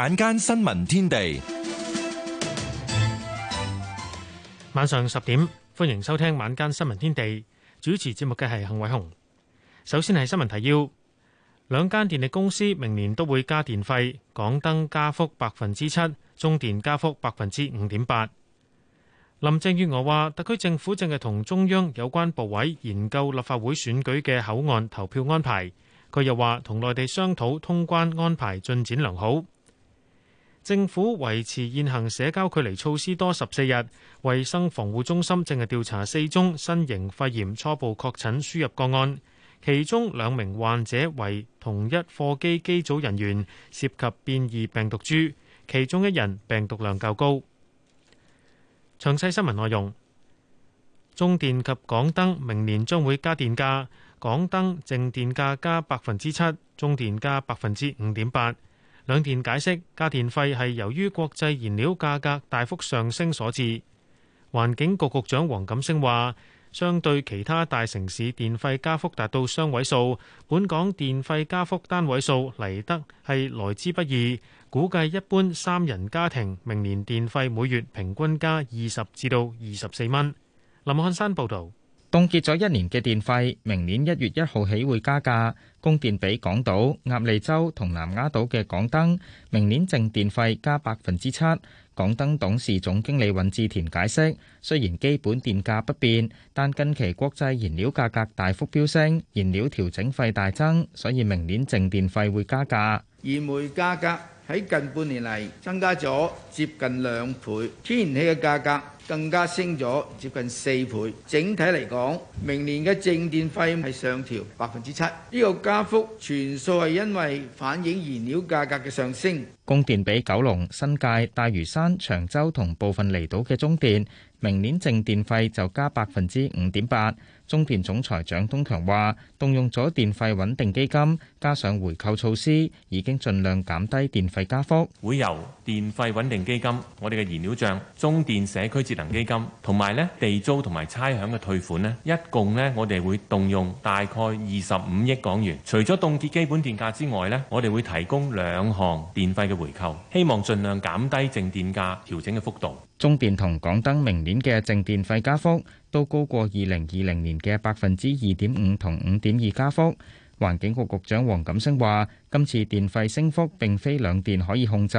晚間新聞天地，晚上十點歡迎收聽晚間新聞天地。主持節目嘅係幸偉雄。首先係新聞提要：兩間電力公司明年都會加電費，港燈加幅百分之七，中電加幅百分之五點八。林鄭月娥話，特區政府正係同中央有關部委研究立法會選舉嘅口岸投票安排。佢又話，同內地商討通關安排進展良好。政府維持現行社交距離措施多十四日。衞生防護中心正係調查四宗新型肺炎初步確診輸入個案，其中兩名患者為同一貨機機組人員，涉及變異病毒株，其中一人病毒量較高。詳細新聞內容：中電及港燈明年將會加電價，港燈淨電價加百分之七，中電加百分之五點八。兩電解釋，加電費係由於國際燃料價格大幅上升所致。環境局局長黃錦星話，相對其他大城市電費加幅達到雙位數，本港電費加幅單位數嚟得係來之不易。估計一般三人家庭明年電費每月平均加二十至到二十四蚊。林漢山報導。凍結咗一年嘅電費，明年一月一號起會加價。供電俾港島、鴨脷洲同南丫島嘅港燈，明年淨電費加百分之七。港燈董事總經理尹志田解釋：雖然基本電價不變，但近期國際燃料價格大幅飆升，燃料調整費大增，所以明年淨電費會加價。燃煤價格，喺近半年嚟增加咗接近兩倍，天然氣嘅價格更加升咗接近四倍。整體嚟講，明年嘅淨電費係上調百分之七，呢個加幅全數係因為反映燃料價格嘅上升。供電俾九龍、新界、大嶼山、長洲同部分離島嘅中電，明年淨電費就加百分之五點八。中電總裁蔣東強話。動用咗電費穩定基金，加上回購措施，已經盡量減低電費加幅。會由電費穩定基金，我哋嘅燃料賬、中電社區節能基金同埋咧地租同埋差餉嘅退款咧，一共咧我哋會動用大概二十五億港元。除咗凍結基本電價之外咧，我哋會提供兩項電費嘅回購，希望盡量減低淨電價調整嘅幅度。中電同港燈明年嘅淨電費加幅都高過二零二零年嘅百分之二點五同五點。點二加幅，環境局局長黃錦星話：今次電費升幅並非兩電可以控制，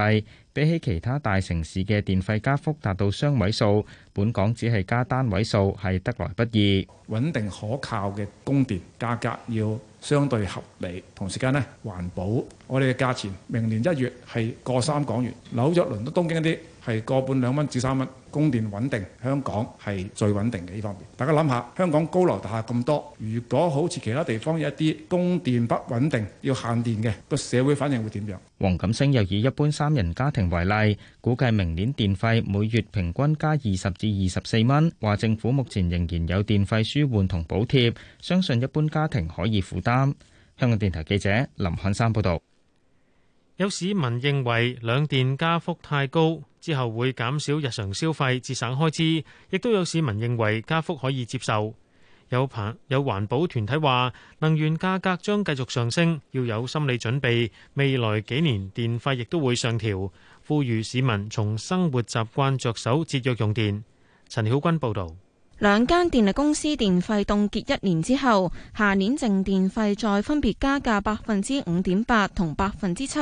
比起其他大城市嘅電費加幅達到雙位數，本港只係加單位數，係得來不易。穩定可靠嘅供電，價格要相對合理，同時間呢環保。我哋嘅價錢明年一月係個三港元，紐約、倫敦、東京一啲係個半兩蚊至三蚊。供電穩定，香港係最穩定嘅呢方面。大家諗下，香港高樓大廈咁多，如果好似其他地方有一啲供電不穩定、要限電嘅，個社會反應會點樣？黃錦星又以一般三人家庭為例，估計明年電費每月平均加二十至二十四蚊。話政府目前仍然有電費舒緩同補貼，相信一般家庭可以負擔。香港電台記者林漢山報導。有市民認為兩電加幅太高，之後會減少日常消費，節省開支，亦都有市民認為加幅可以接受。有排有環保團體話能源價格將繼續上升，要有心理準備，未來幾年電費亦都會上調，呼籲市民從生活習慣着手節約用電。陳曉君報導。兩間電力公司電費凍結一年之後，下年淨電費再分別加價百分之五點八同百分之七。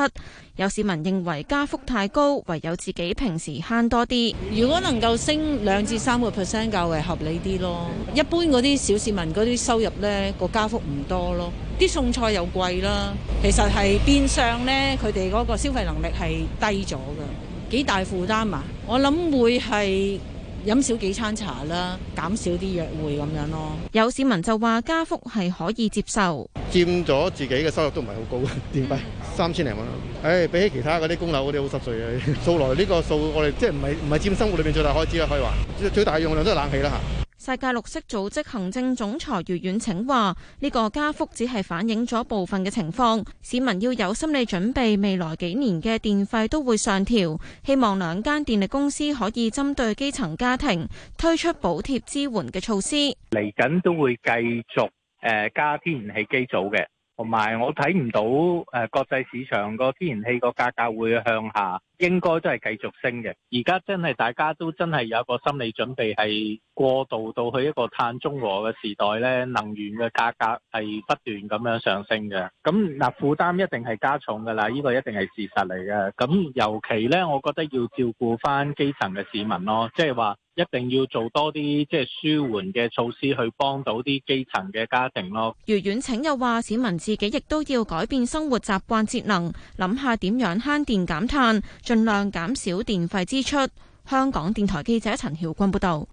有市民認為加幅太高，唯有自己平時慳多啲。如果能夠升兩至三個 percent，較為合理啲咯。一般嗰啲小市民嗰啲收入呢，個加幅唔多咯。啲餸菜又貴啦，其實係變相呢，佢哋嗰個消費能力係低咗噶。幾大負擔啊？我諗會係。飲少幾餐茶啦，減少啲約會咁樣咯。有市民就話加幅係可以接受，佔咗自己嘅收入都唔係好高，點解？三千零蚊咯。唉，比起其他嗰啲供樓嗰啲好濕碎嘅，數來呢個數我哋即係唔係唔係佔生活裏面最大開支啦，可以話最大用量都係冷氣啦吓。世界綠色組織行政總裁余遠騁話：呢、這個加幅只係反映咗部分嘅情況，市民要有心理準備，未來幾年嘅電費都會上調。希望兩間電力公司可以針對基層家庭推出補貼支援嘅措施。嚟緊都會繼續誒加天然氣機組嘅，同埋我睇唔到誒國際市場個天然氣個價格會向下。應該都係繼續升嘅，而家真係大家都真係有個心理準備，係過渡到去一個碳中和嘅時代呢，能源嘅價格係不斷咁樣上升嘅，咁嗱負擔一定係加重噶啦，呢、這個一定係事實嚟嘅。咁、嗯、尤其呢，我覺得要照顧翻基層嘅市民咯，即係話一定要做多啲即係舒緩嘅措施去幫到啲基層嘅家庭咯。葉遠清又話，市民自己亦都要改變生活習慣，節能，諗下點樣慳電減碳。盡量減少電費支出。香港電台記者陳曉君報道，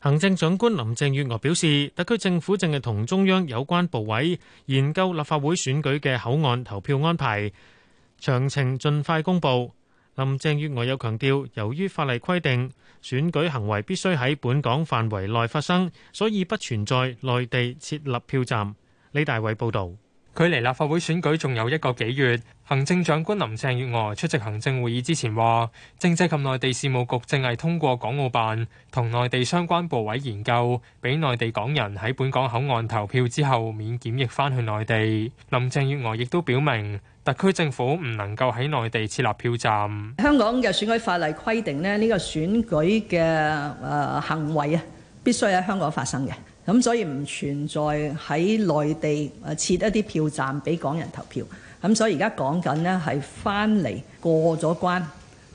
行政長官林鄭月娥表示，特區政府正係同中央有關部委研究立法會選舉嘅口岸投票安排，詳情盡快公布。林鄭月娥又強調，由於法例規定選舉行為必須喺本港範圍內發生，所以不存在內地設立票站。李大偉報道。距離立法會選舉仲有一個幾月，行政長官林鄭月娥出席行政會議之前話，政制及內地事務局正係通過港澳辦同內地相關部委研究，俾內地港人喺本港口岸投票之後免檢疫返去內地。林鄭月娥亦都表明，特區政府唔能夠喺內地設立票站。香港嘅選舉法例規定咧，呢、呢個選舉嘅誒、呃、行為啊，必須喺香港發生嘅。咁、嗯、所以唔存在喺內地誒設一啲票站俾港人投票，咁、嗯、所以而家講緊呢，係翻嚟過咗關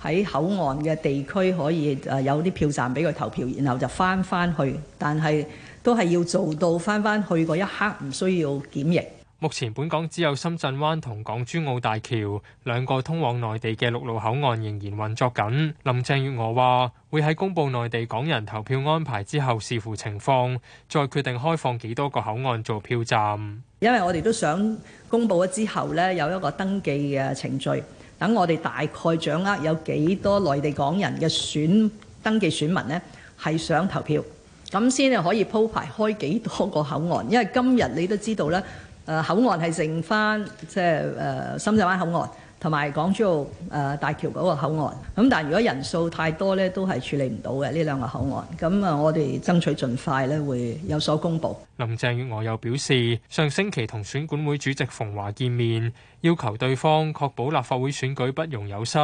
喺口岸嘅地區可以誒有啲票站俾佢投票，然後就翻翻去，但係都係要做到翻翻去嗰一刻唔需要檢疫。目前，本港只有深圳灣同港珠澳大橋兩個通往內地嘅陸路口岸仍然運作緊。林鄭月娥話，會喺公布內地港人投票安排之後，視乎情況再決定開放幾多個口岸做票站。因為我哋都想公布咗之後咧，有一個登記嘅程序，等我哋大概掌握有幾多內地港人嘅選登記選民咧，係想投票，咁先至可以鋪排開幾多個口岸。因為今日你都知道咧。呃、口岸係剩返，即、呃、係深圳灣口岸。同埋港珠澳誒大橋嗰個口岸，咁但係如果人數太多咧，都係處理唔到嘅呢兩個口岸。咁啊，我哋爭取盡快咧，會有所公布。林鄭月娥又表示，上星期同選管會主席馮華見面，要求對方確保立法會選舉不容有失，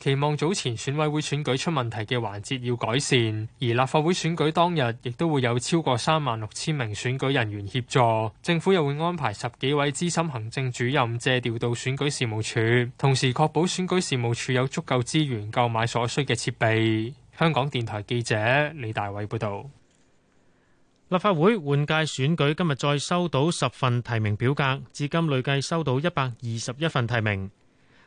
期望早前選委會選舉出問題嘅環節要改善，而立法會選舉當日亦都會有超過三萬六千名選舉人員協助，政府又會安排十幾位資深行政主任借調到選舉事務處。同時確保選舉事務處有足夠資源購買所需嘅設備。香港電台記者李大偉報導，立法會換屆選舉今日再收到十份提名表格，至今累計收到一百二十一份提名。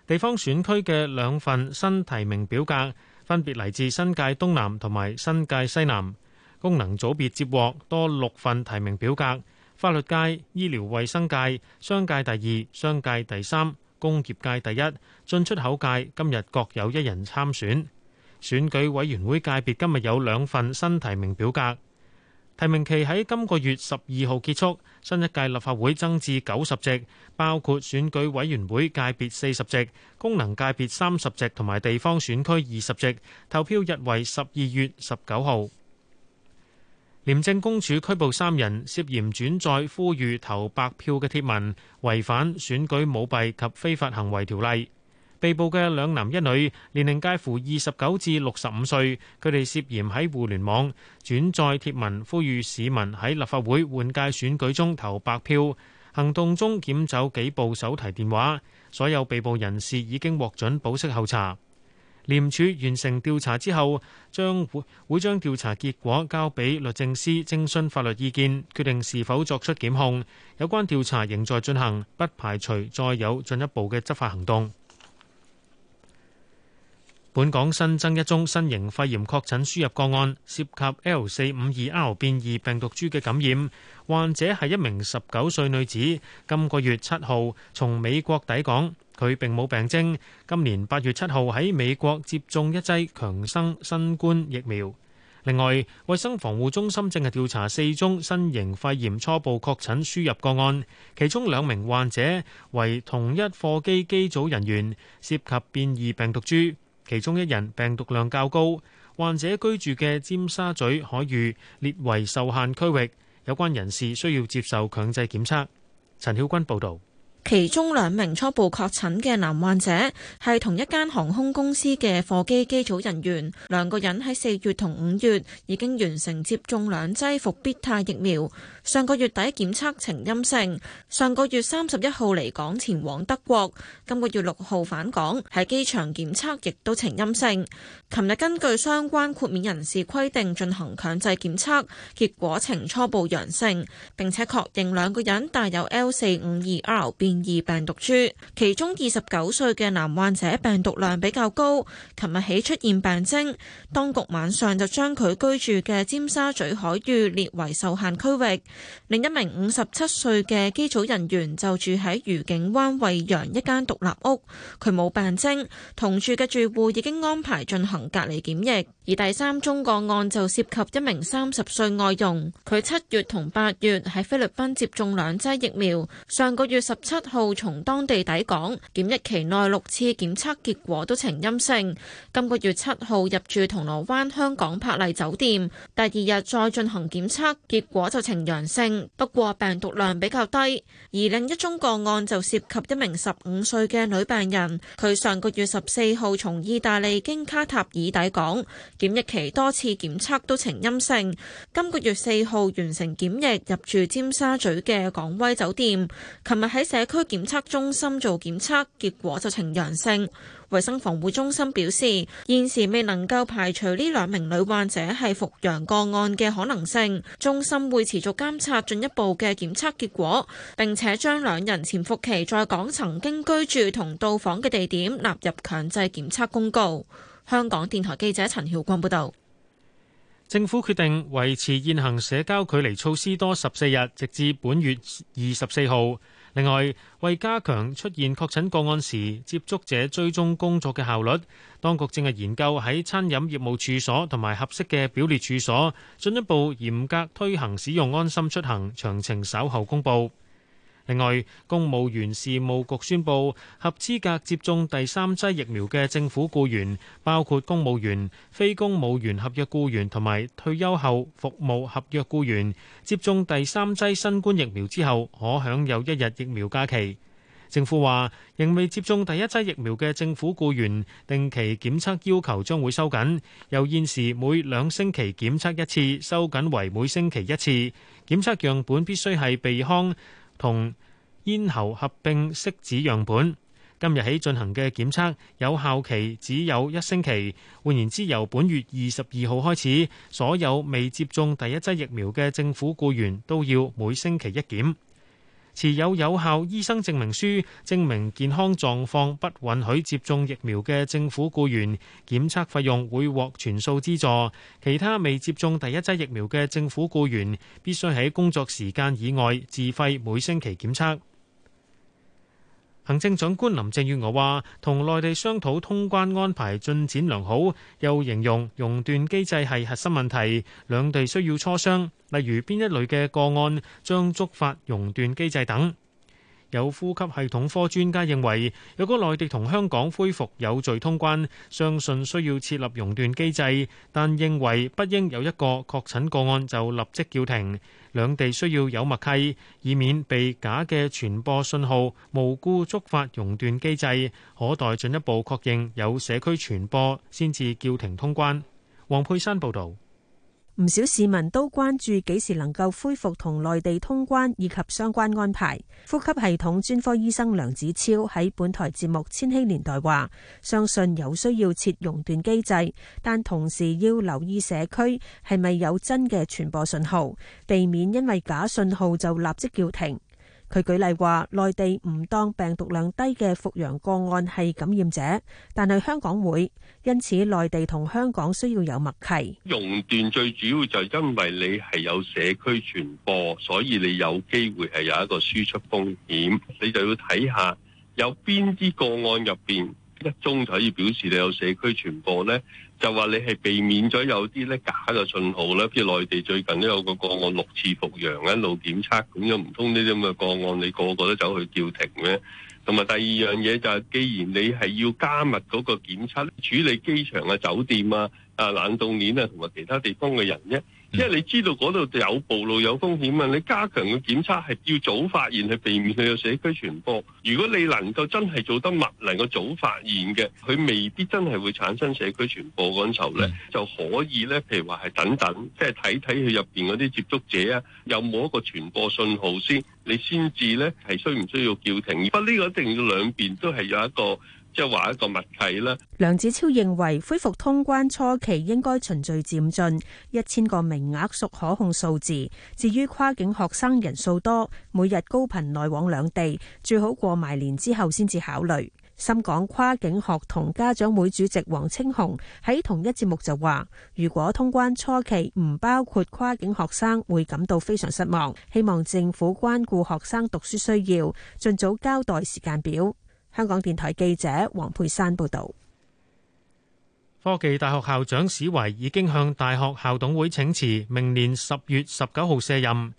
地方選區嘅兩份新提名表格分別嚟自新界東南同埋新界西南。功能組別接獲多六份提名表格，法律界、醫療衛生界、商界第二、商界第三。工業界第一、進出口界今日各有一人參選。選舉委員會界別今日有兩份新提名表格，提名期喺今個月十二號結束。新一屆立法會增至九十席，包括選舉委員會界別四十席、功能界別三十席同埋地方選區二十席。投票日為十二月十九號。廉政公署拘捕三人涉嫌轉載呼籲投白票嘅貼文，違反選舉舞弊及非法行為條例。被捕嘅兩男一女，年齡介乎二十九至六十五歲，佢哋涉嫌喺互聯網轉載貼文，呼籲市民喺立法會換屆選舉中投白票。行動中檢走幾部手提電話，所有被捕人士已經獲准保釋候查。廉署完成調查之後，將會會將調查結果交俾律政司徵詢法律意見，決定是否作出檢控。有關調查仍在進行，不排除再有進一步嘅執法行動。 本港新增一宗新型肺炎確診輸入個案，涉及 L 452 R 變異病毒株嘅感染。患者係一名十九歲女子，今個月七號從美國抵港。佢並冇病徵，今年八月七號喺美國接種一劑強生新冠疫苗。另外，衛生防護中心正係調查四宗新型肺炎初步確診輸入個案，其中兩名患者為同一貨機機組人員，涉及變異病毒株，其中一人病毒量較高。患者居住嘅尖沙咀海域列為受限區域，有關人士需要接受強制檢測。陳曉君報導。其中兩名初步確診嘅男患者係同一間航空公司嘅貨機機組人員，兩個人喺四月同五月已經完成接種兩劑復必泰疫苗，上個月底檢測呈陰性。上個月三十一號離港前往德國，今個月六號返港喺機場檢測亦都呈陰性。琴日根據相關豁免人士規定進行強制檢測，結果呈初步陽性，並且確認兩個人帶有 L 四五二 R 變二病毒株，其中二十九歲嘅男患者病毒量比較高，琴日起出現病徵。當局晚上就將佢居住嘅尖沙咀海域列為受限區域。另一名五十七歲嘅機組人員就住喺愉景灣惠陽一間獨立屋，佢冇病徵，同住嘅住戶已經安排進行隔離檢疫。而第三宗個案就涉及一名三十歲外傭，佢七月同八月喺菲律賓接種兩劑疫苗，上個月十七。號從當地抵港，檢疫期內六次檢測結果都呈陰性。今個月七號入住銅鑼灣香港珀麗酒店，第二日再進行檢測，結果就呈陽性，不過病毒量比較低。而另一宗個案就涉及一名十五歲嘅女病人，佢上個月十四號從意大利經卡塔爾抵港，檢疫期多次檢測都呈陰性。今個月四號完成檢疫，入住尖沙咀嘅港威酒店，琴日喺社區區檢測中心做檢測，結果就呈陽性。衛生防護中心表示，現時未能夠排除呢兩名女患者係復陽個案嘅可能性。中心會持續監察，進一步嘅檢測結果，並且將兩人潛伏期在港曾經居住同到訪嘅地點納入強制檢測公告。香港電台記者陳曉光報道。政府決定維持現行社交距離措施多十四日，直至本月二十四號。另外，為加強出現確診個案時接觸者追蹤工作嘅效率，當局正係研究喺餐飲業務處所同埋合適嘅表列處所進一步嚴格推行使用安心出行，詳情稍後公布。另外，公務員事務局宣布，合資格接種第三劑疫苗嘅政府僱員，包括公務員、非公務員合約僱員同埋退休後服務合約僱員，接種第三劑新冠疫苗之後，可享有一日疫苗假期。政府話，仍未接種第一劑疫苗嘅政府僱員定期檢測要求將會收緊，由現時每兩星期檢測一次收緊為每星期一次。檢測樣本必須係鼻腔同咽喉合併拭子樣本，今日起進行嘅檢測有效期只有一星期。換言之，由本月二十二號開始，所有未接種第一劑疫苗嘅政府僱員都要每星期一檢。持有有效醫生證明書，證明健康狀況不允許接種疫苗嘅政府僱員，檢測費用會獲全數資助。其他未接種第一劑疫苗嘅政府僱員，必須喺工作時間以外自費每星期檢測。行政長官林鄭月娥話：同內地商討通關安排進展良好，又形容熔斷機制係核心問題，兩地需要磋商，例如邊一類嘅個案將觸發熔斷機制等。有呼吸系統科專家認為，如果內地同香港恢復有序通關，相信需要設立熔斷機制，但認為不應有一個確診個案就立即叫停。兩地需要有默契，以免被假嘅傳播信號，無故觸發熔斷機制。可待進一步確認有社區傳播，先至叫停通關。黃佩珊報道。唔少市民都關注幾時能夠恢復同內地通關，以及相關安排。呼吸系統專科醫生梁子超喺本台節目《千禧年代》話：相信有需要設熔斷機制，但同時要留意社區係咪有真嘅傳播信號，避免因為假信號就立即叫停。佢舉例話：內地唔當病毒量低嘅復陽個案係感染者，但係香港會。因此，內地同香港需要有默契。熔斷最主要就因為你係有社區傳播，所以你有機會係有一個輸出風險。你就要睇下有邊啲個案入邊。一宗就可以表示你有社區傳播咧，就話你係避免咗有啲咧假嘅信號啦。譬如內地最近都有個個案六次復陽一路檢測，咁樣唔通呢啲咁嘅個案你個個都走去叫停咩？同埋第二樣嘢就係、是、既然你係要加密嗰個檢測，處理機場啊、酒店啊、啊冷凍鏈啊同埋其他地方嘅人啫。因為你知道嗰度有暴露有風險啊，你加強嘅檢測係要早發現去避免佢有社區傳播。如果你能夠真係做得密能夠早發現嘅，佢未必真係會產生社區傳播嗰陣時候咧，就可以咧，譬如話係等等，即係睇睇佢入邊嗰啲接觸者啊，有冇一個傳播信號先，你先至咧係需唔需要叫停？不過呢個一定要兩邊都係有一個。即係話一個物體啦。梁子超認為，恢復通關初期應該循序漸進，一千個名額屬可控數字。至於跨境學生人數多，每日高頻來往兩地，最好過埋年之後先至考慮。深港跨境學童家長會主席黃青紅喺同一節目就話，如果通關初期唔包括跨境學生，會感到非常失望。希望政府關顧學生讀書需要，盡早交代時間表。香港電台記者黃佩珊報道，科技大學校長史維已經向大學校董會請辭，明年十月十九號卸任。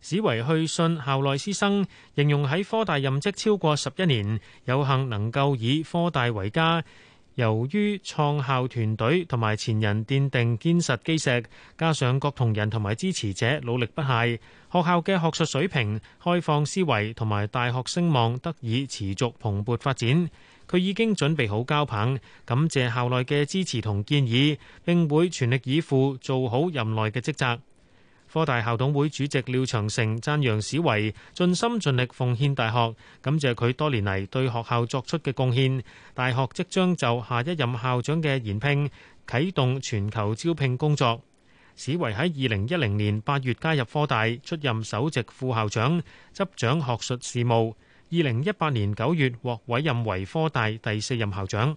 史維去信校內師生，形容喺科大任職超過十一年，有幸能夠以科大為家。由於創校團隊同埋前人奠定堅實基石，加上各同仁同埋支持者努力不懈，學校嘅學術水平、開放思維同埋大學聲望得以持續蓬勃發展。佢已經準備好交棒，感謝校內嘅支持同建議，並會全力以赴做好任內嘅職責。科大校董會主席廖長成讚揚史維盡心盡力奉獻大學，感謝佢多年嚟對學校作出嘅貢獻，大學即將就下一任校長嘅延聘啟動全球招聘工作。史維喺二零一零年八月加入科大，出任首席副校長，執掌學術事務，二零一八年九月獲委任為科大第四任校長。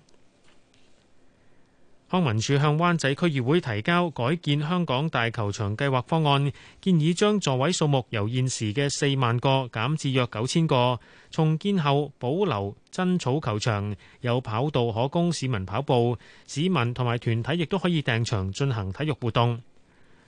康文署向灣仔區議會提交改建香港大球場計劃方案，建議將座位數目由現時嘅四萬個減至約九千個。重建後保留真草球場，有跑道可供市民跑步，市民同埋團體亦都可以訂場進行體育活動。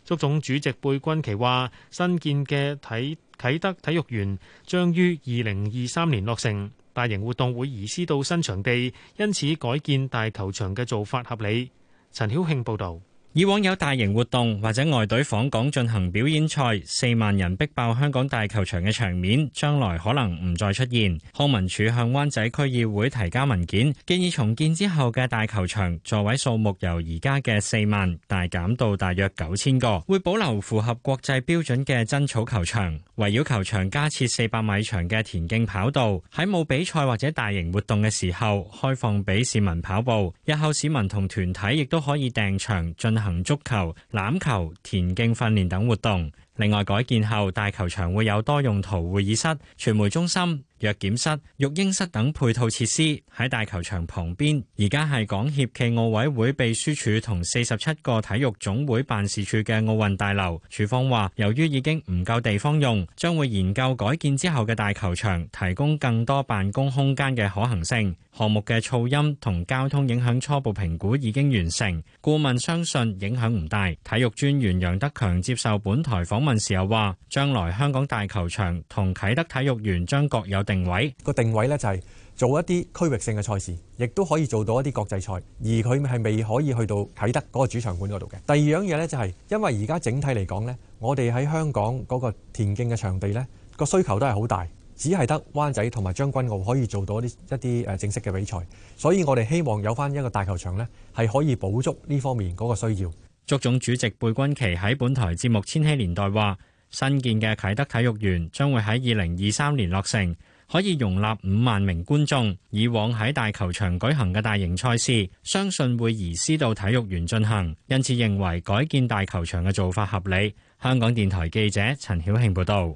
足總主席貝鈞奇話：新建嘅體啟德體育園將於二零二三年落成，大型活動會移師到新場地，因此改建大球場嘅做法合理。陳曉慶報道。以往，有大型活動或者外隊訪港進行表演賽，四萬人逼爆香港大球場嘅場面，將來可能唔再出現，康文署向灣仔區議會提交文件，建議重建之後嘅大球場座位數目由而家嘅四萬大減到大約九千個。會保留符合國際標準嘅真草球場，圍繞球場加設四百米長嘅田徑跑道，喺冇比賽或者大型活動嘅時候開放俾市民跑步。日後市民同團體亦都可以訂場進行。行足球、籃球、田徑訓練等活動。另外，改建後大球場會有多用途會議室、傳媒中心、藥檢室、育嬰室等配套設施。喺大球場旁邊，而家係港協暨奧委會秘書處同四十七個體育總會辦事處嘅奧運大樓。署方話，由於已經唔夠地方用，將會研究改建之後嘅大球場提供更多辦公空間嘅可行性。項目嘅噪音同交通影響初步評估已經完成，顧問相信影響唔大。體育專員楊德強接受本台訪問時又話，將來香港大球場同啟德體育園將各有定位，個定位呢就係、是、做一啲區域性嘅賽事，亦都可以做到一啲國際賽，而佢係未可以去到啟德嗰個主場館嗰度嘅。第二樣嘢呢就係、是、因為而家整體嚟講呢，我哋喺香港嗰個田徑嘅場地呢，個需求都係好大。只係得灣仔同埋將軍澳可以做到一啲一啲誒正式嘅比賽，所以我哋希望有返一個大球場呢係可以補足呢方面嗰個需要。足總主席貝君琪喺本台節目《千禧年代》話：新建嘅啟德體育園將會喺二零二三年落成，可以容納五萬名觀眾。以往喺大球場舉行嘅大型賽事，相信會移師到體育園進行，因此認為改建大球場嘅做法合理。香港電台記者陳曉慶報道。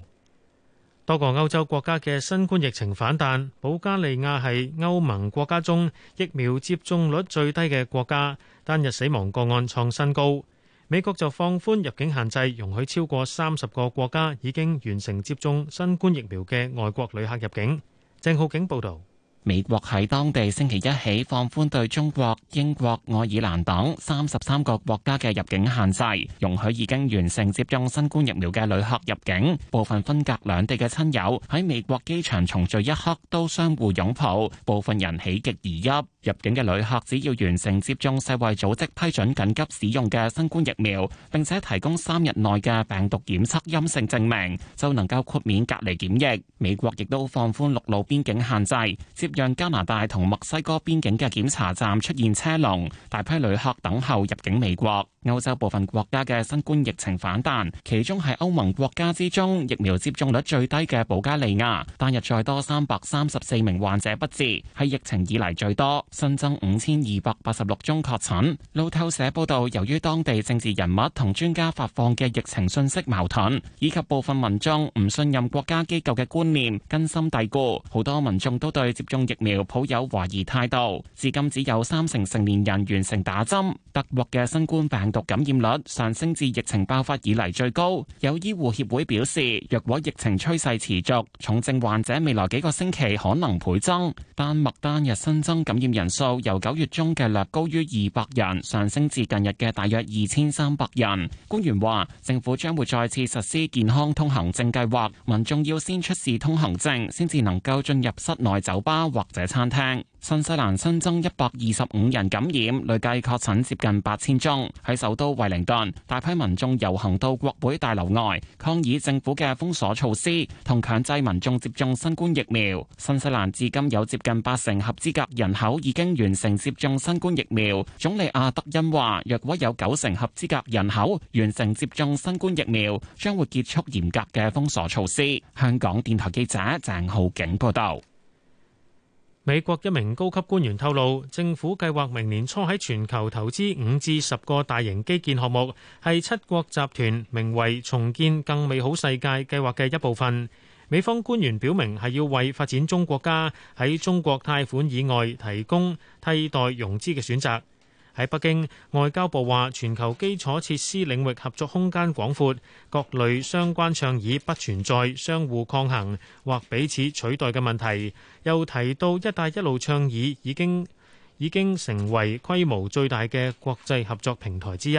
多個歐洲國家嘅新冠疫情反彈，保加利亞係歐盟國家中疫苗接種率最低嘅國家，單日死亡個案創新高。美國就放寬入境限制，容許超過三十個國家已經完成接種新冠疫苗嘅外國旅客入境。鄭浩景報道。美國喺當地星期一起放寬對中國、英國、愛爾蘭等三十三個國家嘅入境限制，容許已經完成接種新冠疫苗嘅旅客入境。部分分隔兩地嘅親友喺美國機場重聚一刻都相互擁抱，部分人喜極而泣。入境嘅旅客只要完成接種世衛組織批准緊急使用嘅新冠疫苗，並且提供三日內嘅病毒檢測陰性證明，就能夠豁免隔離檢疫。美國亦都放寬陸路邊境限制，接壤加拿大同墨西哥邊境嘅檢查站出現車龍，大批旅客等候入境美國。歐洲部分國家嘅新冠疫情反彈，其中係歐盟國家之中，疫苗接種率最低嘅保加利亞單日再多三百三十四名患者不治，係疫情以嚟最多。新增五千二百八十六宗確診。路透社報道，由於當地政治人物同專家發放嘅疫情信息矛盾，以及部分民眾唔信任國家機構嘅觀念根深蒂固，好多民眾都對接種疫苗抱有懷疑態度。至今只有三成成年人完成打針，德國嘅新冠病毒感染率上升至疫情爆發以嚟最高。有醫護協會表示，若果疫情趨勢持續，重症患者未來幾個星期可能倍增。丹麥單日新增感染。人數由九月中嘅略高於二百人，上升至近日嘅大約二千三百人。官員話，政府將會再次實施健康通行證計劃，民眾要先出示通行證，先至能夠進入室內酒吧或者餐廳。新西蘭新增一百二十五人感染，累計確診接近八千宗。喺首都惠靈頓，大批民眾遊行到國會大樓外，抗議政府嘅封鎖措施同強制民眾接種新冠疫苗。新西蘭至今有接近八成合資格人口已經完成接種新冠疫苗。總理阿德恩話，若果有九成合資格人口完成接種新冠疫苗，將會結束嚴格嘅封鎖措施。香港電台記者鄭浩景報道。美國一名高級官員透露，政府計劃明年初喺全球投資五至十個大型基建項目，係七國集團名為“重建更美好世界”計劃嘅一部分。美方官員表明，係要為發展中國家喺中國貸款以外提供替代融資嘅選擇。喺北京，外交部話全球基礎設施領域合作空間廣闊，各類相關倡議不存在相互抗衡或彼此取代嘅問題，又提到，一帶一路倡議已經已經成為規模最大嘅國際合作平台之一。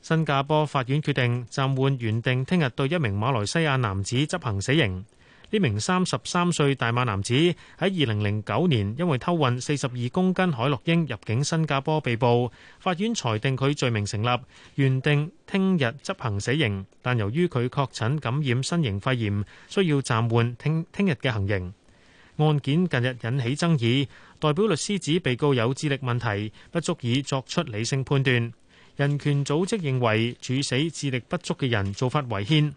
新加坡法院決定暫緩原定聽日對一名馬來西亞男子執行死刑。呢名三十三歲大馬男子喺二零零九年因為偷運四十二公斤海洛因入境新加坡被捕，法院裁定佢罪名成立，原定聽日執行死刑，但由於佢確診感染新型肺炎，需要暫緩聽聽日嘅行刑。案件近日引起爭議，代表律師指被告有智力問題，不足以作出理性判斷。人權組織認為處死智力不足嘅人做法違憲。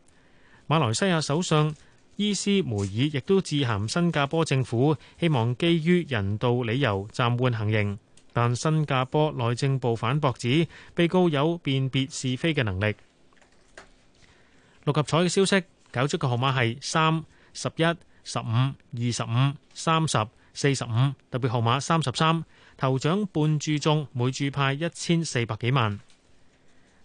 馬來西亞首相伊斯梅爾亦都致函新加坡政府，希望基於人道理由暫緩行刑，但新加坡內政部反駁指被告有辨別是非嘅能力。六合彩嘅消息，搞出嘅號碼係三十一十五二十五三十四十五，特別號碼三十三，頭獎半注中，每注派一千四百幾萬。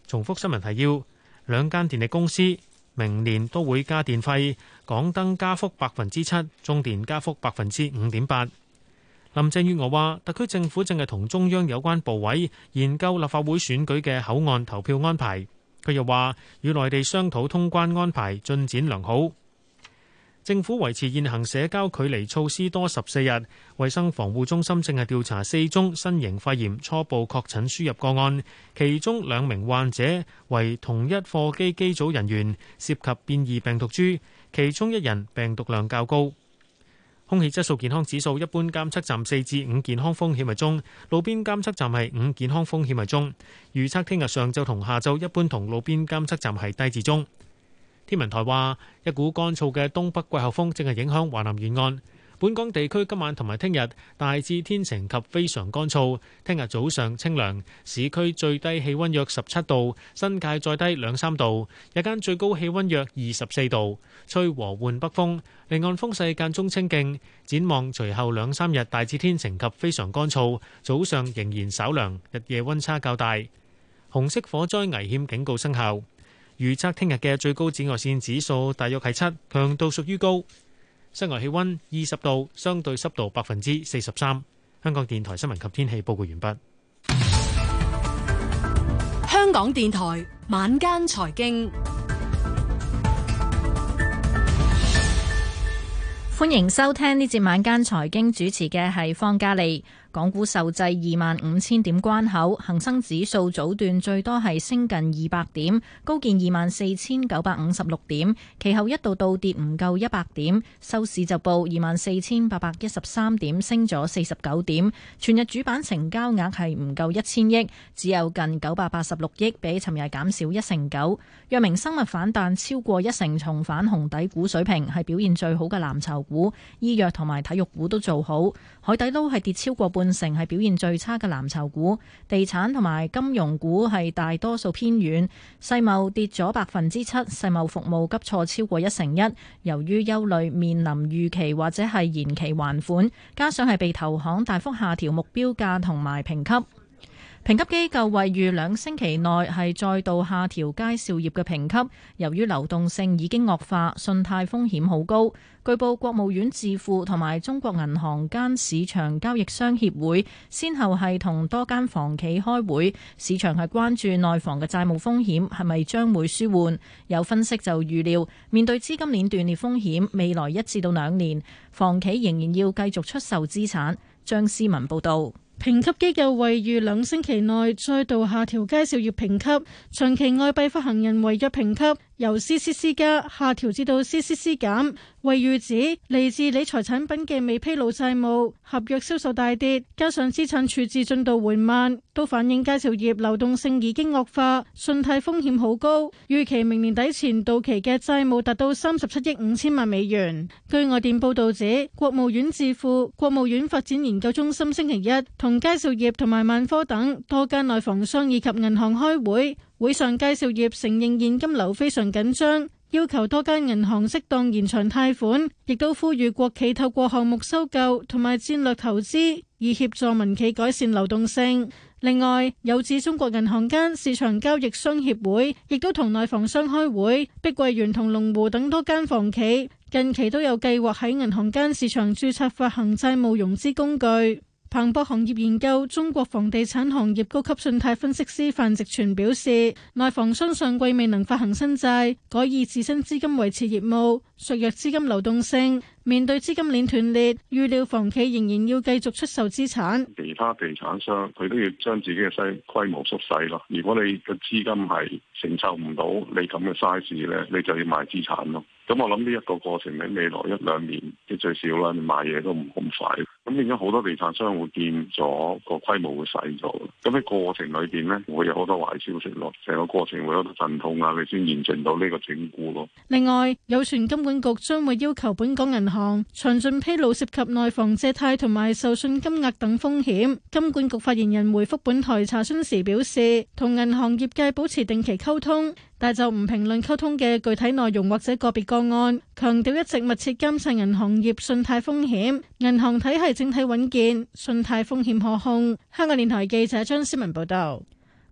重複新聞提要，兩間電力公司。明年都會加電費，港燈加幅百分之七，中電加幅百分之五點八。林鄭月娥話：特區政府正係同中央有關部委研究立法會選舉嘅口岸投票安排。佢又話：與內地商討通關安排進展良好。政府維持現行社交距離措施多十四日。衛生防護中心正係調查四宗新型肺炎初步確診輸入個案，其中兩名患者為同一貨機機組人員，涉及變異病毒株，其中一人病毒量較高。空氣質素健康指數一般監測站四至五，健康風險為中；路邊監測站係五，健康風險為中。預測聽日上晝同下晝一般同路邊監測站係低至中。天文台話：一股乾燥嘅東北季候風正係影響華南沿岸，本港地區今晚同埋聽日大致天晴及非常乾燥。聽日早上清涼，市區最低氣温約十七度，新界再低兩三度，日間最高氣温約二十四度，吹和緩北風。離岸風勢間中清勁。展望隨後兩三日大致天晴及非常乾燥，早上仍然稍涼，日夜温差較大。紅色火災危險警告生效。預測聽日嘅最高紫外線指數大約係七，強度屬於高。室外氣温二十度，相對濕度百分之四十三。香港電台新聞及天氣報告完畢。香港電台晚間財經，歡迎收聽呢節晚間財經，主持嘅係方嘉莉。港股受制二萬五千點關口，恆生指數早段最多係升近二百點，高見二萬四千九百五十六點，其後一度倒跌唔夠一百點，收市就報二萬四千八百一十三點，升咗四十九點。全日主板成交額係唔夠一千億，只有近九百八十六億，比尋日減少一成九。藥明生物反彈超過一成，重返紅底股水平，係表現最好嘅藍籌股，醫藥同埋體育股都做好，海底撈係跌超過半。成係表現最差嘅藍籌股，地產同埋金融股係大多數偏軟。世茂跌咗百分之七，世茂服務急挫超過一成一，由於憂慮面臨預期或者係延期還款，加上係被投行大幅下調目標價同埋評級。評級機構位於兩星期內係再度下調佳兆業嘅評級，由於流動性已經惡化，信貸風險好高。據報國務院智庫同埋中國銀行間市場交易商協會先後係同多間房企開會，市場係關注內房嘅債務風險係咪將會舒緩。有分析就預料，面對資金鏈斷裂風險，未來一至到兩年，房企仍然要繼續出售資產。張思文報導。評級機構惠譽兩星期內再度下調佳兆業評級，長期外幣發行人違約評級，由 C C C 加下調至到 C C C 減，為預指嚟自理財產品嘅未披露債務合約銷售大跌，加上資產處置進度緩慢，都反映佳兆業流動性已經惡化，信貸風險好高。預期明年底前到期嘅債務達到三十七億五千萬美元。據外電報道指，國務院智庫國務院發展研究中心星期一同佳兆業同埋萬科等多間內房商以及銀行開會。會上介紹業承認現金流非常緊張，要求多間銀行適當延長貸款，亦都呼籲國企透過項目收購同埋戰略投資，以協助民企改善流動性。另外，有指中國銀行間市場交易商協會亦都同內房商開會，碧桂園同龍湖等多間房企近期都有計劃喺銀行間市場注冊發行債務融資工具。彭博行業研究中國房地產行業高級信貸分析師范植全表示，內房商上季未能發行新債，改以自身資金維持業務，削弱資金流動性。面對資金鏈斷裂，預料房企仍然要繼續出售資產。其他地產商佢都要將自己嘅 size 規模縮細咯。如果你嘅資金係承受唔到你咁嘅 size 咧，你就要賣資產咯。咁我諗呢一個過程喺未來一兩年，即最少啦，你賣嘢都唔咁快。咁變咗好多地產商會變咗個規模會細咗，咁喺過程裏邊呢，會有好多壞消息咯，成個過程會有陣痛啊，你先完成到呢個整固咯。另外，有傳金管局將會要求本港銀行詳盡披露涉及內房借貸同埋授信金額等風險。金管局發言人回覆本台查詢時表示，同銀行業界保持定期溝通。但就唔評論溝通嘅具體內容或者個別個案，強調一直密切監察銀行業信貸風險，銀行體系整體穩健，信貸風險可控。香港電台記者張思文報道。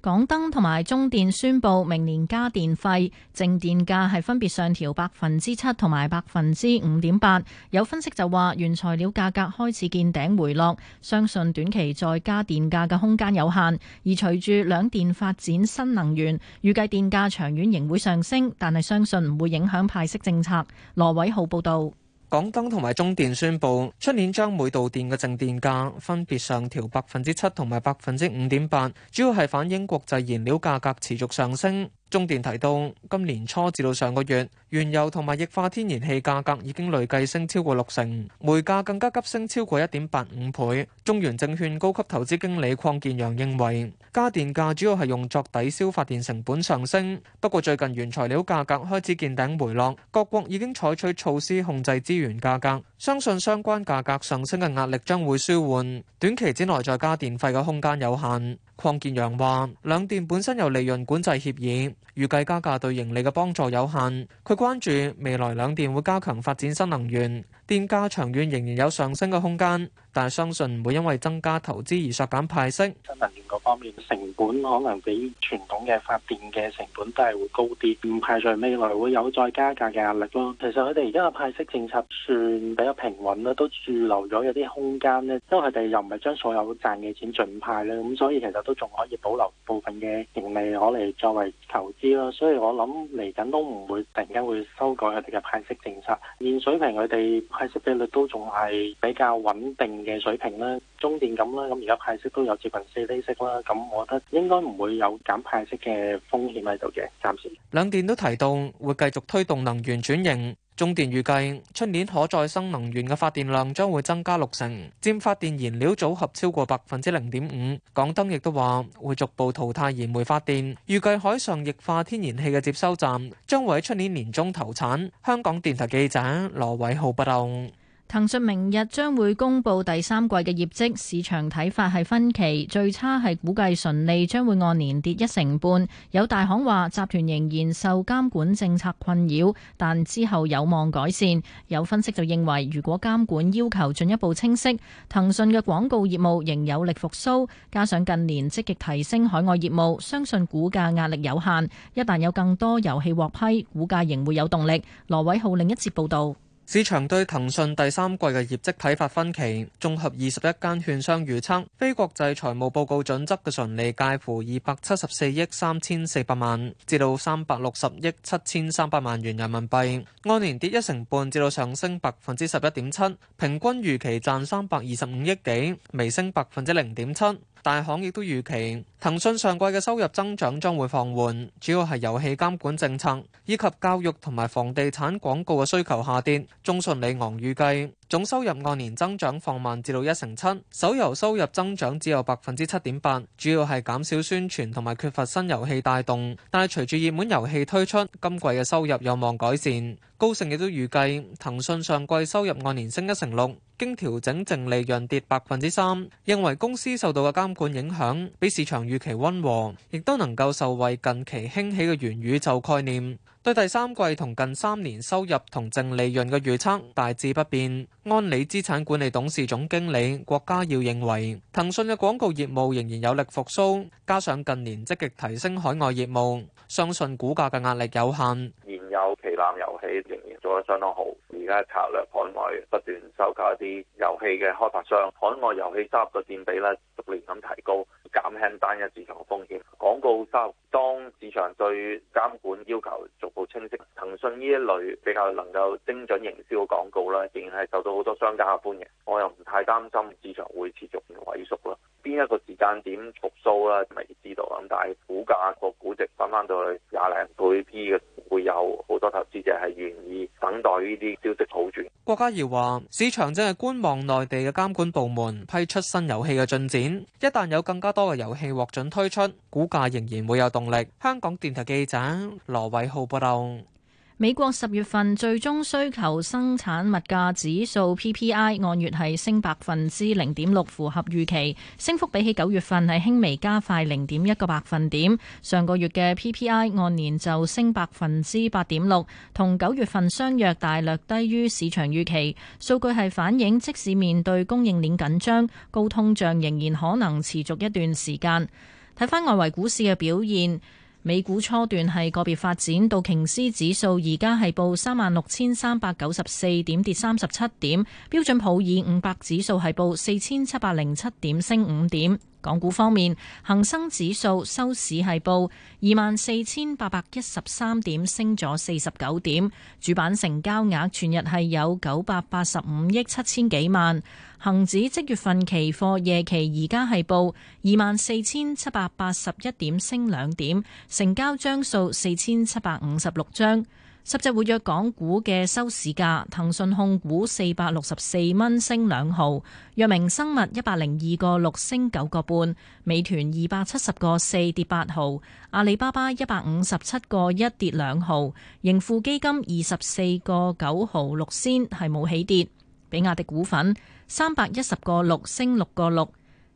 港燈同埋中電宣布，明年加電費，淨電價係分別上調百分之七同埋百分之五點八。有分析就話原材料價格開始見頂回落，相信短期再加電價嘅空間有限。而隨住兩電發展新能源，預計電價長遠仍會上升，但係相信唔會影響派息政策。羅偉浩報導。港燈同埋中電宣布，出年將每度電嘅淨電價分別上調百分之七同埋百分之五點八，主要係反映國際燃料價格持續上升。中電提到，今年初至到上個月，原油同埋液化天然氣價格已經累計升超過六成，煤價更加急升超過一點八五倍。中原證券高級投資經理鄺建陽認為，加電價主要係用作抵消發電成本上升。不過，最近原材料價格開始見頂回落，各國已經採取措施控制資源價格，相信相關價格上升嘅壓力將會舒緩。短期之內，再加電費嘅空間有限。鄺建陽話，兩電本身有利潤管制協議。預計加價對盈利嘅幫助有限，佢關注未來兩電會加強發展新能源，電價長遠仍然有上升嘅空間，但係相信唔會因為增加投資而削減派息。新能源嗰方面成本可能比傳統嘅發電嘅成本都係會高啲，唔排除未來會有再加價嘅壓力咯。其實佢哋而家嘅派息政策算比較平穩啦，都駐留咗一啲空間咧，因為佢哋又唔係將所有賺嘅錢盡派咧，咁所以其實都仲可以保留部分嘅盈利攞嚟作為投資。所以我諗嚟緊都唔會突然間會修改佢哋嘅派息政策，現水平佢哋派息比率都仲係比較穩定嘅水平啦，中電咁啦，咁而家派息都有接近四厘息啦，咁我覺得應該唔會有減派息嘅風險喺度嘅，暫時。兩電都提到會繼續推動能源轉型。中電預計，出年可再生能源嘅發電量將會增加六成，佔發電燃料組合超過百分之零點五。港燈亦都話，會逐步淘汰燃煤發電，預計海上液化天然氣嘅接收站將會喺出年年中投產。香港電台記者羅偉浩報道。騰訊明日將會公布第三季嘅業績，市場睇法係分歧，最差係估計純利將會按年跌一成半。有大行話集團仍然受監管政策困擾，但之後有望改善。有分析就認為，如果監管要求進一步清晰，騰訊嘅廣告業務仍有力復甦，加上近年積極提升海外業務，相信股價壓力有限。一旦有更多遊戲獲批，股價仍會有動力。羅偉浩另一節報道。市場對騰訊第三季嘅業績睇法分歧，綜合二十一間券商預測，非國際財務報告準則嘅純利介乎二百七十四億三千四百萬至到三百六十億七千三百萬元人民幣，按年跌一成半至到上升百分之十一點七，平均預期賺三百二十五億幾，微升百分之零點七。大行亦都預期，騰訊上季嘅收入增長將會放緩，主要係遊戲監管政策，以及教育同埋房地產廣告嘅需求下跌。中信里昂預計總收入按年增長放慢至到一成七，手遊收入增長只有百分之七點八，主要係減少宣傳同埋缺乏新遊戲帶動。但係隨住熱門遊戲推出，今季嘅收入有望改善。高盛亦都預計騰訊上季收入按年升一成六。經調整淨利潤跌百分之三，認為公司受到嘅監管影響比市場預期溫和，亦都能夠受惠近期興起嘅元宇宙概念。對第三季同近三年收入同淨利潤嘅預測大致不變。安理資產管理董事總經理郭家耀認為，騰訊嘅廣告業務仍然有力復甦，加上近年積極提升海外業務，相信股價嘅壓力有限。現有旗艦遊戲仍然做得相當好。而家策略海外不斷收購一啲遊戲嘅開發商，海外遊戲收入嘅佔比咧逐年咁提高，減輕單一市場嘅風險。廣告收入，當市場對監管要求逐步清晰，騰訊呢一類比較能夠精準營銷嘅廣告咧，仍然係受到好多商家嘅歡迎。我又唔太擔心市場會持續萎縮咯。邊一個時間點復甦咧，未知道。咁但係股價個估值翻翻到去廿零倍 P 嘅，會有好多投資者係願意。等待呢啲消息好轉。郭家耀話：市場正係觀望內地嘅監管部門批出新遊戲嘅進展。一旦有更加多嘅遊戲獲准推出，股價仍然會有動力。香港電台記者羅偉浩報道。美國十月份最終需求生產物價指數 PPI 按月係升百分之零點六，符合預期，升幅比起九月份係輕微加快零點一個百分點。上個月嘅 PPI 按年就升百分之八點六，同九月份相約大略低於市場預期。數據係反映，即使面對供應鏈緊張、高通脹，仍然可能持續一段時間。睇返外圍股市嘅表現。美股初段係個別發展，道瓊斯指數而家係報三萬六千三百九十四點，跌三十七點；標準普爾五百指數係報四千七百零七點，升五點。港股方面，恒生指數收市係報二萬四千八百一十三點，升咗四十九點。主板成交額全日係有九百八十五億七千幾萬。恒指即月份期貨夜期而家係報二萬四千七百八十一點，升兩點，成交張數四千七百五十六張。十隻活躍港股嘅收市價，騰訊控股四百六十四蚊升兩毫，藥明生物一百零二個六升九個半，美團二百七十個四跌八毫，阿里巴巴一百五十七個一跌兩毫，盈富基金二十四個九毫六仙係冇起跌，比亞迪股份三百一十個六升六個六，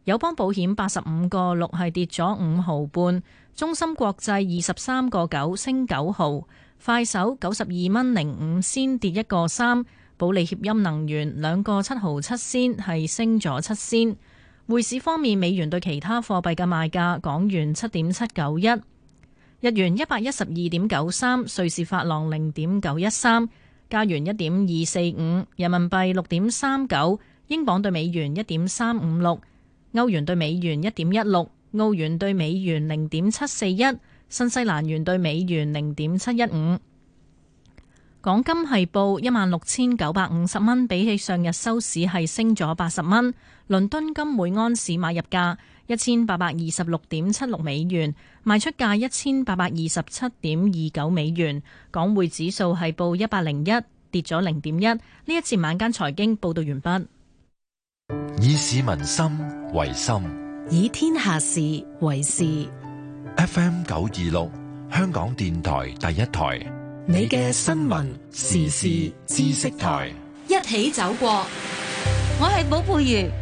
友邦保險八十五個六係跌咗五毫半，中芯國際二十三個九升九毫。快手九十二蚊零五先跌一個三，保利協鑫能源兩個七毫七先係升咗七仙。匯市方面，美元對其他貨幣嘅賣價，港元七點七九一，日元一百一十二點九三，瑞士法郎零點九一三，加元一點二四五，人民幣六點三九，英鎊對美元一點三五六，歐元對美元一點一六，澳元對美元零點七四一。新西蘭元兌美元零點七一五，港金係報一萬六千九百五十蚊，比起上日收市係升咗八十蚊。倫敦金每安士買入價一千八百二十六點七六美元，賣出價一千八百二十七點二九美元。港匯指數係報一百零一，跌咗零點一。呢一次晚間財經報道完畢，以市民心為心，以天下事為事。FM 九二六，26，香港電台第一台，你嘅新聞時事知識台，一起走過。我係寶佩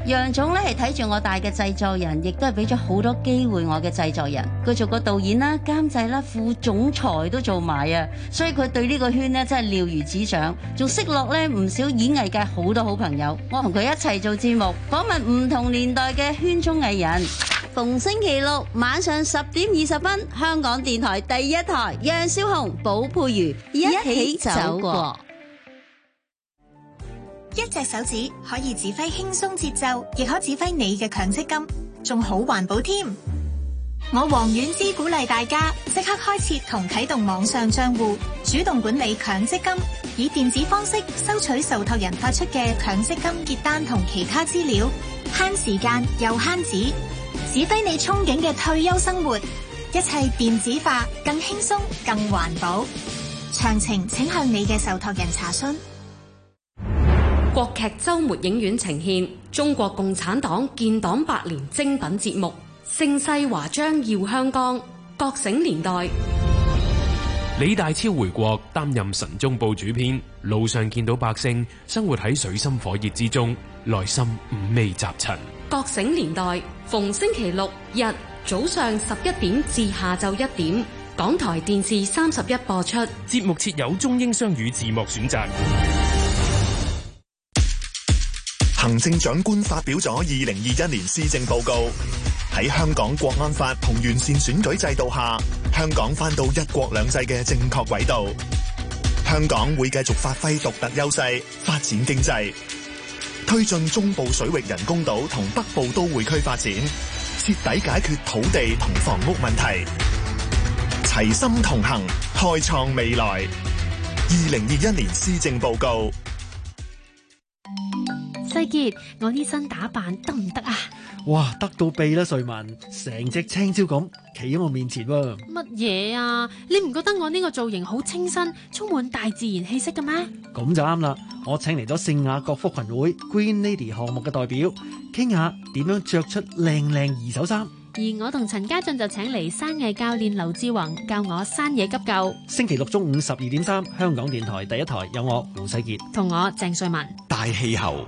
如，楊總咧係睇住我大嘅製作人，亦都係俾咗好多機會我嘅製作人。佢做過導演啦、監製啦、副總裁都做埋啊，所以佢對呢個圈真係了如指掌，仲識落咧唔少演藝界好多好朋友。我同佢一齊做節目，訪問唔同年代嘅圈中藝人。逢星期六晚上十點二十分，香港電台第一台，楊紹鴻、寶佩如一起走過。一隻手指可以指揮輕鬆節奏，亦可指揮你嘅強積金，仲好環保添。我王婉芝鼓勵大家即刻開設同啟動網上賬戶，主動管理強積金，以電子方式收取受託人發出嘅強積金結單同其他資料，慳時間又慳紙，指揮你憧憬嘅退休生活，一切電子化，更輕鬆、更環保。詳情請向你嘅受託人查詢。國劇周末影院呈現中國共產黨建黨百年精品節目《盛世華章耀香江》。覺醒年代。李大釗回國擔任《晨鐘報》主編，路上見到百姓生活喺水深火熱之中，內心五味雜陳。覺醒年代逢星期六日早上十一點至下晝一點，港台電視三十一播出。節目設有中英雙語字幕選擇。行政長官發表咗二零二一年施政報告。喺香港國安法同完善選舉制度下，香港返到一國兩制嘅正確軌道。香港會繼續發揮獨特優勢，發展經濟，推進中部水域人工島同北部都會區發展，徹底解決土地同房屋問題。齊心同行，開創未來。二零二一年施政報告。世杰，我呢身打扮得唔得啊？哇，得到鼻啦！瑞文，成隻青椒咁企喺我面前喎。乜嘢啊？你唔覺得我呢個造型好清新，充滿大自然氣息嘅咩？咁就啱啦！我請嚟咗聖雅各福群會 Green Lady 項目嘅代表，傾下點樣着出靚靚二手衫。而我同陳家俊就請嚟山藝教練劉志宏教我山野急救。星期六中午十二點三，香港電台第一台有我胡世杰同我鄭瑞文大氣候。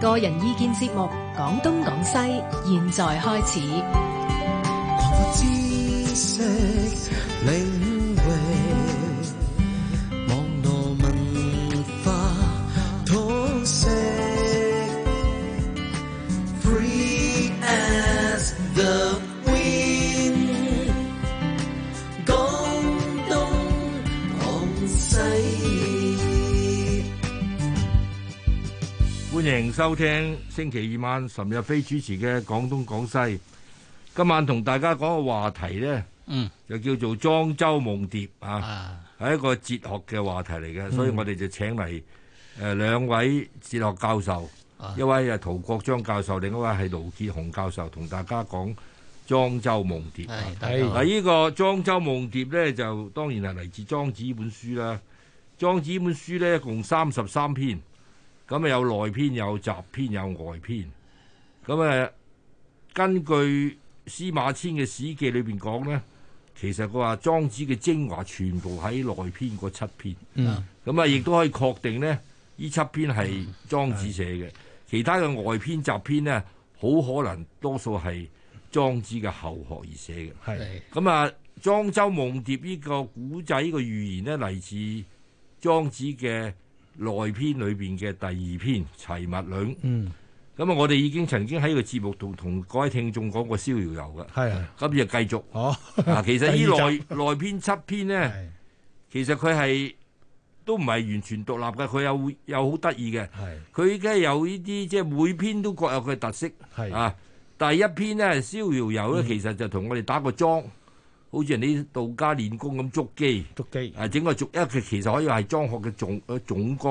個人意見節目，講東講西，現在開始。 歡迎收聽星期二晚岑日飛主持嘅《廣東廣西》。今晚同大家講嘅話題呢，嗯、就叫做《莊周夢蝶》啊，係、啊、一個哲學嘅話題嚟嘅，嗯、所以我哋就請嚟誒、呃、兩位哲學教授，啊、一位係陶國章教授，另一位係盧傑雄教授，同大家講《莊周夢蝶》啊。係，呢、啊這個《莊周夢蝶》呢，就當然係嚟自莊子呢本書啦。莊子呢本書呢，共三十三篇。咁啊，有內篇、有雜篇、有外篇，咁啊根據《司馬遷嘅史記》裏邊講咧，其實佢話莊子嘅精華全部喺內篇嗰七篇。嗯。咁啊，亦都可以確定咧，呢七篇係莊子寫嘅，嗯、其他嘅外篇、雜篇咧，好可能多數係莊子嘅後學而寫嘅。係的。咁啊，莊周夢蝶個個呢個古仔個寓言咧，嚟自莊子嘅。內篇裏邊嘅第二篇《齊物論》嗯咁啊，我哋已經曾經喺個節目同同各位聽眾講過逍遙遊遙遊》噶的，今日繼續哦嗱、 啊，其實 編編呢內內篇七篇咧，的其實佢係都唔係完全獨立嘅，佢有有好得意嘅。係佢依家有呢啲即係每篇都各有佢嘅特色。係的啊，第一篇咧《逍遙遊》咧，其實就同我哋打個樁好似人哋道家練功咁築基築基機啊，整個築一其實可以係莊學嘅總嘅總觀。